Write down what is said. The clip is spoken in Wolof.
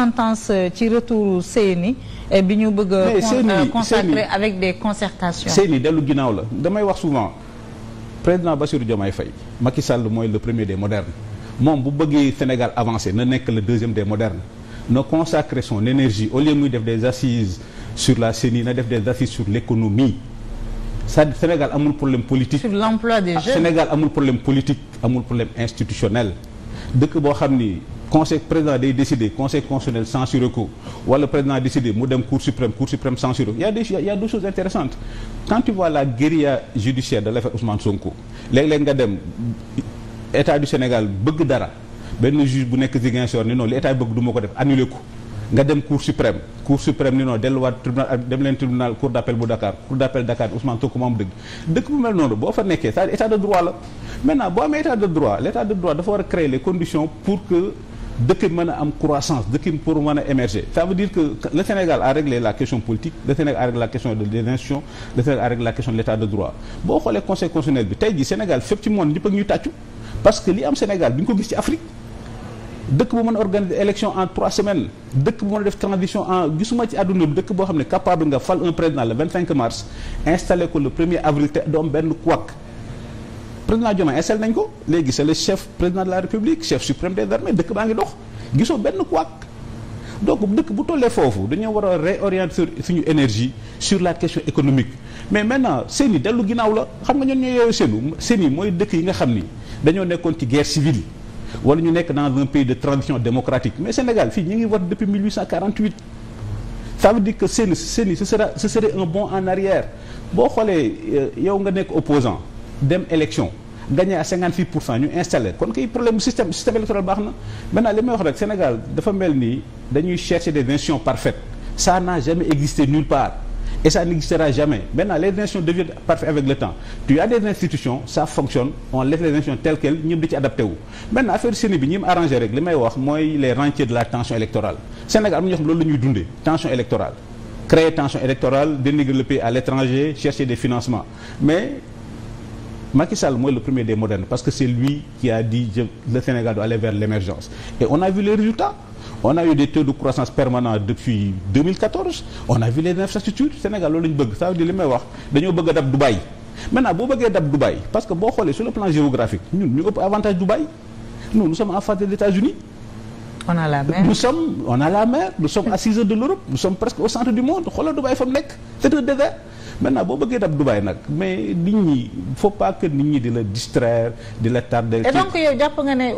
sentence ci retour CENI eh, bi ñu bëgg a euh, consacrer avec des concertations CENI dellu ginnaaw la damay wax souvent président ba Bassirou ay Faye Macky Sall mooy le premier des modernes moom bu bëggee Sénégal avancé na nekk le deuxième des modernes na consacrer son énergie au lieu muy def des assises sur la CENI na def des assises sur l'économie c'est-à-dire Sénégal amul problème politique sur des ah, Sénégal amul problème politique amul problème institutionnel dëkk boo xam ni conseil président day décider conseil constitutionnel censuré ko wala président décider mu dem cour suprême cour suprême censuré y a des y a deux choses intéressantes quand tu vois la guérilla judiciaire de l'affaire Ousmane Sonko léeg-léeg nga dem état du Sénégal bëgg dara benn juge bu nekk Ziguinchor ni noonu li état bëgg du ma ko def annulé ko nga dem cour suprême cour suprême ni noonu delluwaat tribunal dem leen tribunal cour d'appel bu Dakar cour d'appel Dakar Ousmane Sonko moom dëgg dëkk bu mel noonu boo fa nekkee c'est état de droit la maintenant boo amee état de droit l' état de droit dafa war a créer les conditions pour que dëkk bi mën a am croissance dëkk bi mën a émerger ça veut dire que le Sénégal a réglé la question politique le Sénégal a réglé la question de l'institution le Sénégal a réglé la question de l'état de droit boo xoolee conseil bi tey jii Sénégal fépp ci monde ñëpp ak ñu tàccu parce que li am Sénégal bi ñu ko gis ci Afrique dëkk bu mën a organiser élection en trois semaines dëkk bu mën a def transition en gisuma ci àdduna bi dëkk boo xam ne capable nga fal un président le 25 mars installé ko le 1er avril te doom président Diomaye esel nañ ko léegi c'est le chef président de la république chef suprême des armées dëkk baa ngi dox gisoo benn couac donc dëkk bu tollee foofu dañoo war a réorienter suñu énergie sur la question économique mais maintenant seen dellu ginnaaw la xam nga ñoon ñoo yeewu seenu seen mooy dëkk yi nga xam ni dañoo nekkoon ci guerre civile wala ñu nekk dans un pays de transition démocratique mais Sénégal fii ñu ngi war depuis 1848 ça veut dire que seen seen i ce un bond en arrière boo xoolee euh, yow nga nekk opposant dem élection a à 58 pour cent ñu installé kon kay problème système système électoral baax na maintenant li may wax rek Sénégal dafa mel nii dañuy chercher des nations parfaites ça n'a jamais existé nulle part et ça n'existera jamais maintenant les nations deviennent parfaites avec le temps tu as des institutions ça fonctionne on laisse les nations telles quelles ñëpp di ci adapté wu maintenant affaire Séni bi ñi mu rek li may wax mooy les rentiers de la tension électorale Sénégal am na ñoo xam loolu la ñuy dundee tension électorale créer tension électorale Macky mooy le premier des modernes parce que c'est lui qui a dit je le Sénégal doit aller vers l'émergence et on a les résultats on a eu des de croissance permanents depuis 2014 on a vu les infrastructures Sénégal loolu la bëgg ça veut dire li may wax dañoo bëgg a dab Dubaï maintenant boo bëggee dab Dubaï parce que boo xoolee sur le plan géographique ñun ñu ëpp avantage Dubaï nous nous en face des États-Unis on a la mer nous sommes a la mer de l'Europe nous sommes maintenant boo bëggee dem Dubaï nag mais nit ñi faut pas nit ñi di la distraire di la tardel. yow jàpp nga ne